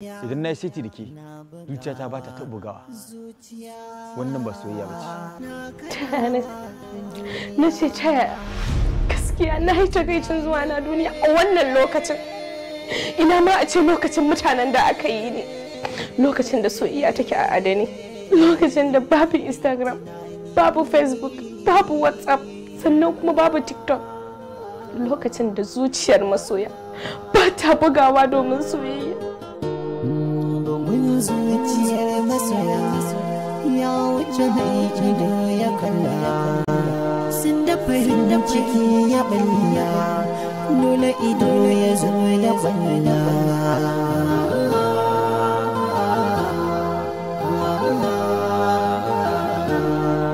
idan na yi siti da ke ta ba ta bugawa wannan ba soyayya ba ce na ce ta yaya gaskiya na yi takaicin zuwa na duniya a wannan lokacin ina ma a ce lokacin mutanen da aka yi ne lokacin da soyayya take a adani lokacin da babu instagram babu facebook babu whatsapp sannan kuma babu tiktok lokacin da zuciyar masoya ba ta bugawa domin soyayya son zuciyar masoya ya wuce haiki da ya kalla sun da farin ciki ya balla dole ido ya zo ya balla Thank you.